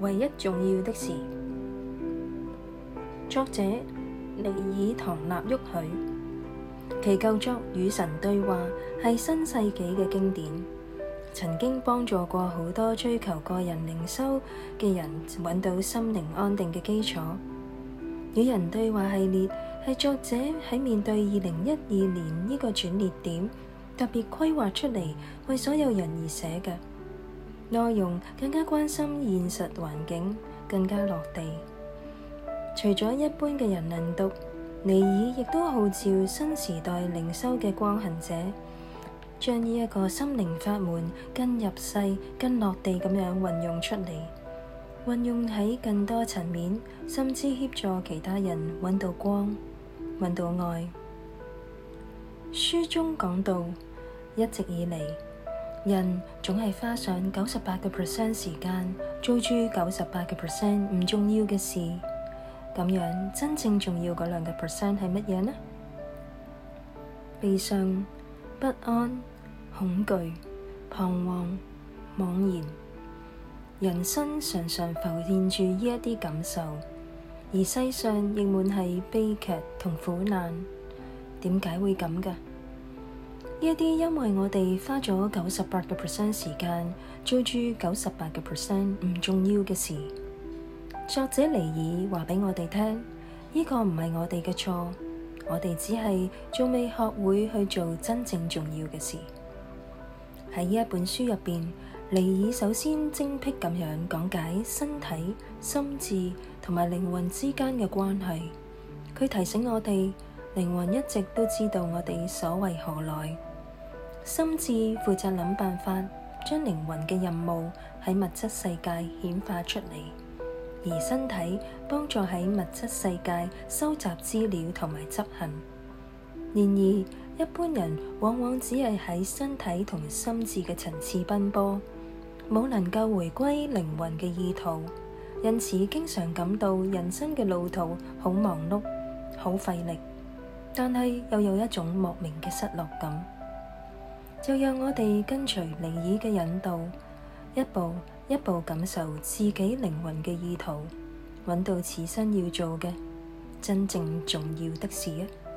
唯一重要的事，作者尼爾唐納沃許，其舊作《與神對話》係新世紀嘅經典，曾經幫助過好多追求個人靈修嘅人揾到心靈安定嘅基礎。與人對話系列係作者喺面對二零一二年呢個轉捩點，特別規劃出嚟為所有人而寫嘅。內容更加關心現實環境，更加落地。除咗一般嘅人能讀，尼爾亦都號召新時代靈修嘅光行者，將呢一個心靈法門更入世、更落地咁樣運用出嚟，運用喺更多層面，甚至協助其他人揾到光、揾到愛。書中講到，一直以來，人總係花上九十八個 percent 時間做出九十八個 percent 唔重要嘅事，咁樣真正重要嗰兩個 percent 係乜嘢呢？悲傷、不安、恐懼、彷徨、茫然，人生常常浮現住呢一啲感受，而世上亦滿係悲劇同苦難，點解會咁噶？呢啲因為我哋花咗九十八個 percent 時間做住九十八個 percent 唔重要嘅事，作者尼爾話畀我哋聽，呢個唔係我哋嘅錯，我哋只係仲未學會去做真正重要嘅事。喺呢一本書入邊，尼爾首先精辟咁樣講解身體、心智同埋靈魂之間嘅關係。佢提醒我哋，靈魂一直都知道我哋所為何來。心智負責諗辦法，將靈魂嘅任務喺物質世界顯化出嚟，而身體幫助喺物質世界收集資料同埋執行。然而，一般人往往只係喺身體同心智嘅層次奔波，冇能夠回歸靈魂嘅意圖，因此經常感到人生嘅路途好忙碌、好費力，但係又有一種莫名嘅失落感。就讓我哋跟隨尼爾嘅引導，一步一步感受自己靈魂嘅意圖，揾到此生要做嘅真正重要的事啊！